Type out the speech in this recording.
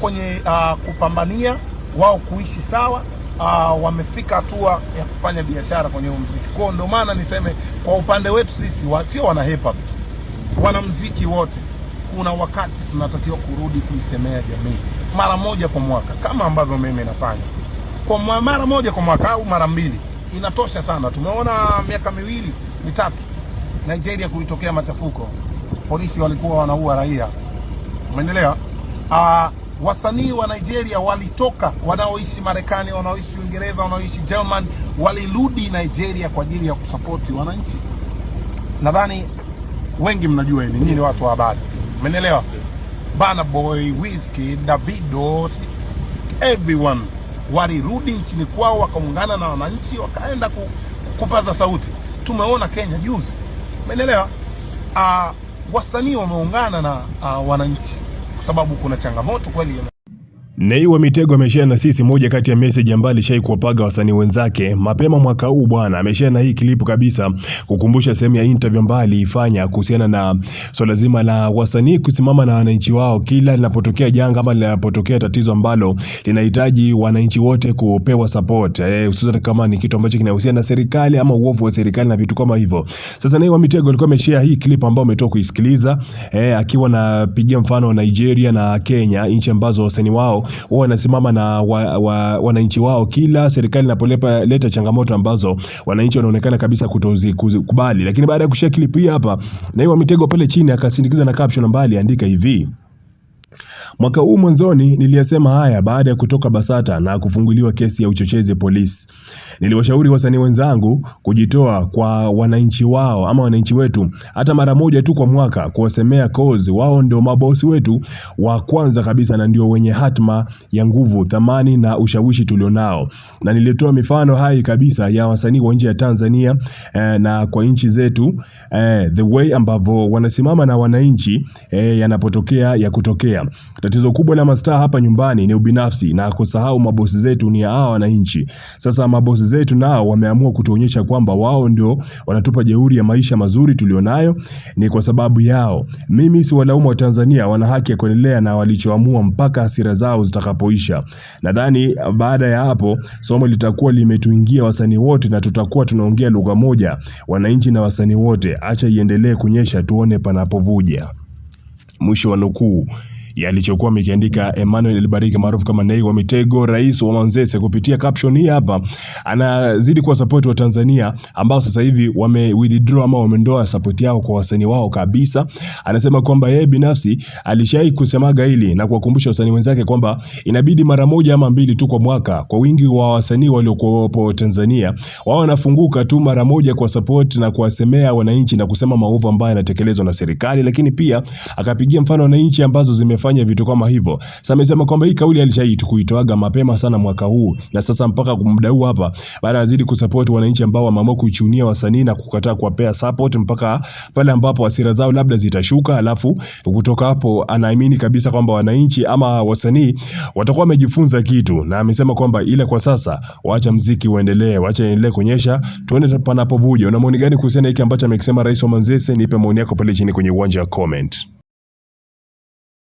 kwenye uh, kupambania wao kuishi sawa uh, wamefika hatua ya kufanya biashara kwenye huu mziki. Kwao ndio maana niseme kwa upande wetu sisi wa, sio wana wanamziki wote, kuna wakati tunatakiwa kurudi kuisemea jamii mara moja kwa mwaka kama ambavyo mimi nafanya kwa mara moja kwa mwaka au mara mbili inatosha sana. Tumeona miaka miwili mitatu Nigeria kulitokea machafuko, polisi walikuwa wanaua raia, umeelewa? Ah, wasanii wa Nigeria walitoka, wanaoishi Marekani, wanaoishi Uingereza, wanaoishi German, walirudi Nigeria kwa ajili ya kusapoti wananchi. Nadhani wengi mnajua hili, nyinyi ni watu wa habari, mmenielewa. Bana Boy, Wizkid, Davido, everyone walirudi nchini kwao wakaungana na wananchi wakaenda ku, kupaza sauti. Tumeona Kenya juzi, mmenielewa. Uh, ah, wasanii wameungana na uh, wananchi sababu kuna changamoto kweli. Nay wa Mitego ameshare na sisi moja kati ya message ambayo alishai kuwapaga wasanii wenzake mapema mwaka huu bwana. Ameshare na hii klipu kabisa kukumbusha sehemu ya interview ambayo aliifanya kuhusiana na swala so zima la wasanii kusimama na wananchi wao kila linapotokea janga ama linapotokea tatizo ambalo linahitaji wananchi wote kupewa support, eh, hususan kama ni kitu ambacho kinahusiana na serikali ama uovu wa serikali na vitu kama hivyo. Sasa Nay wa Mitego alikuwa ameshare hii klipu ambayo umetoka kuisikiliza, eh, akiwa anapigia mfano Nigeria na Kenya, nchi ambazo wasanii wao huwa wanasimama na wananchi wa, wananchi wao kila serikali inapoleta changamoto ambazo wananchi wanaonekana kabisa kutozikubali. Lakini baada ya kushia clip hii hapa na hiyo mitego pale chini, akasindikiza na caption ambayo aliandika hivi Mwaka huu mwanzoni niliyasema haya baada ya kutoka BASATA na kufunguliwa kesi ya uchochezi polisi. Niliwashauri wasanii wenzangu kujitoa kwa wananchi wao ama wananchi wetu hata mara moja tu kwa mwaka kuwasemea cause wao ndio mabosi wetu wa kwanza kabisa na ndio wenye hatma ya nguvu, thamani na ushawishi tulionao. Na nilitoa mifano hai kabisa ya wasanii wa nje ya Tanzania eh, na kwa nchi zetu eh, the way ambavyo wanasimama na wananchi eh, yanapotokea ya kutokea Tatizo kubwa la mastaa hapa nyumbani ni ubinafsi na kusahau mabosi zetu ni hawa wananchi. Sasa mabosi zetu nao wameamua kutuonyesha kwamba wao ndio wanatupa jeuri ya maisha mazuri tulionayo, ni kwa sababu yao. Mimi si walaumu wa Tanzania, wana haki ya kuendelea na walichoamua mpaka hasira zao zitakapoisha. Nadhani baada ya hapo somo litakuwa limetuingia wasanii wote na tutakuwa tunaongea lugha moja, wananchi na wasanii wote. Acha iendelee kunyesha tuone panapovuja. Mwisho wa nukuu yalichokuwa mikiandika Emmanuel Elbariki maarufu kama Nay wa Mitego, rais wa Manzese, kupitia caption hii hapa. Anazidi kuwa support wa Tanzania ambao sasa hivi wame withdraw ama wamendoa support yao kwa wasanii wao kabisa. Anasema kwamba yeye binafsi alishai kusemaga hili na kuwakumbusha wasanii wenzake kwamba inabidi mara moja ama mbili tu kwa mwaka, kwa wingi wa wasanii waliokuwepo Tanzania, wao wanafunguka tu mara moja kwa support na kuwasemea wananchi na kusema maovu ambayo yanatekelezwa na serikali, lakini pia akapigia mfano wananchi ambazo zimefanya kufanya vitu kama hivyo. Sasa amesema kwamba hii kauli kuitoaga mapema sana mwaka huu na sasa mpaka kumda huu hapa baada azidi kusupport wananchi ambao wameamua kuchunia wasanii na kukataa kuwapea support mpaka pale ambapo hasira zao labda zitashuka, alafu kutoka hapo anaamini kabisa kwamba wananchi ama wasanii watakuwa wamejifunza kitu, na amesema kwamba ile kwa sasa waacha mziki uendelee, waacha endelee kuonyesha, tuone panapovuja. Una maoni gani kuhusiana hiki ambacho amekisema Rais wa Manzese? Nipe maoni yako pale chini kwenye uwanja wa comment.